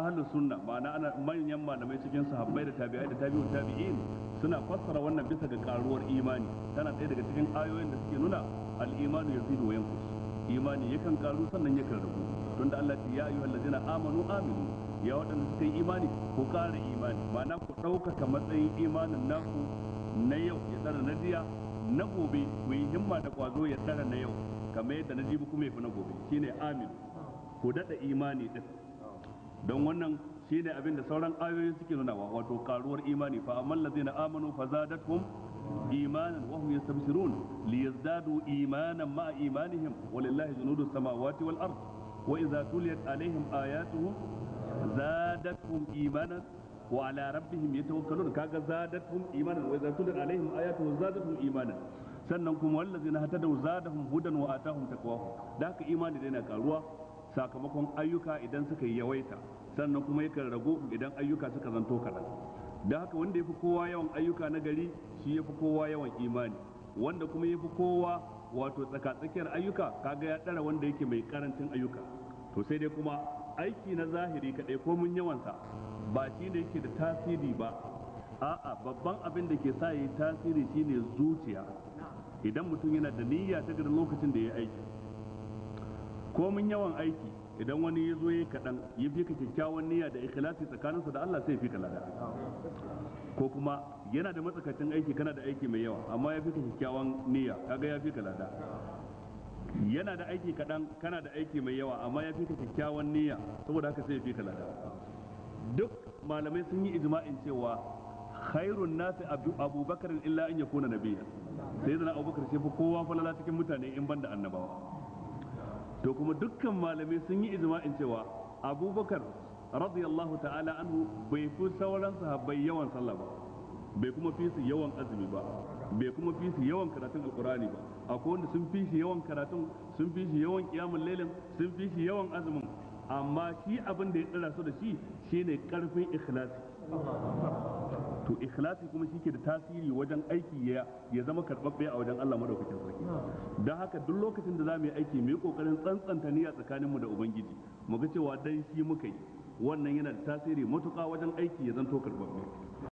ahlu sunna ma'ana ana manyan malamai cikin sahabbai da tabi'ai da tabi'ut tabi'in suna fassara wannan bisa ga karuwar imani tana ɗaya daga cikin ayoyin da suke nuna al-imanu yazidu wa yanqus imani yakan karu sannan yakan rabu tunda Allah ya ayyuhal ladzina amanu aminu ya waɗanda suka yi imani ku ƙara imani ma'ana ku ɗaukaka matsayin imanin naku na yau ya tsara na jiya na gobe ku yi himma da kwazo ya tsara na yau kamar yadda na ji kuma ya fi na gobe shine amin ku daɗa imani ɗin don wannan shi ne abin da sauran ayoyi suke nunawa wato karuwar imani fa amman ladina amanu fa zadatuhum imanan wa hum yastabshirun liyazdadu imanan ma'a imanihim walillahi junudu samawati wal ard wa idza tuliyat alaihim ayatuhu zadatuhum imanan wa ala rabbihim yatawakkalun kaga zadatuhum imanan wa idza tuliyat alaihim ayatuhu zadatuhum imanan sannan kuma wallazina hatadu zadahum hudan wa atahum taqwa da haka imani da yana karuwa sakamakon ayyuka idan suka yi yawaita sannan kuma yakan ragu idan ayyuka suka zanto kaɗan da haka wanda ya fi kowa yawan ayyuka na gari shi ya fi kowa yawan imani wanda kuma ya fi kowa wato tsakatsakiyar ayyuka kaga ya ɗara wanda yake mai karancin ayyuka to sai dai kuma aiki na zahiri kaɗai ko mun yawansa ba shi ne yake da tasiri ba a'a babban abin da ke sa yi tasiri shine zuciya idan mutum yana da niyya ta lokacin da ya aiki komin yawan aiki idan wani ya zo ya kaɗan ya fi ka kyakkyawan niyya da ikhlasi tsakaninsa da Allah sai fi ka lada ko kuma yana da matsakaicin aiki kana da aiki mai yawa amma ya fi ka kyakkyawan niyya kaga ya fi ka lada yana da aiki kaɗan kana da aiki mai yawa amma ya fi ka kyakkyawan niyya saboda haka sai ya fi ka lada duk malamai sun yi ijma'in cewa khairun nasi abubakar illa an yakuna nabiyya sai zana abubakar shi fi kowa falala cikin mutane in banda annabawa to kuma dukkan malamai sun yi ijma'in cewa abubakar radiyallahu ta'ala anhu bai fi sauran sahabbai yawan sallah ba bai kuma fi su yawan azumi ba bai kuma fi su yawan karatun alkurani ba akwai wanda sun fi shi yawan karatun sun fi shi yawan kiyamun lailin sun fi shi yawan azumin amma shi abin da ya tsara su da shi shine karfin ikhlasi to ikhlasi kuma shi ke da tasiri wajen aiki ya zama karɓaɓɓe a wajen Allah madaukakin sarki don haka duk lokacin da za mu yi aiki mai yi kokarin tsantsanta niyya tsakaninmu da ubangiji mu ga cewa dan shi muka yi wannan yana da tasiri matuƙa wajen aiki ya zanto karɓaɓɓe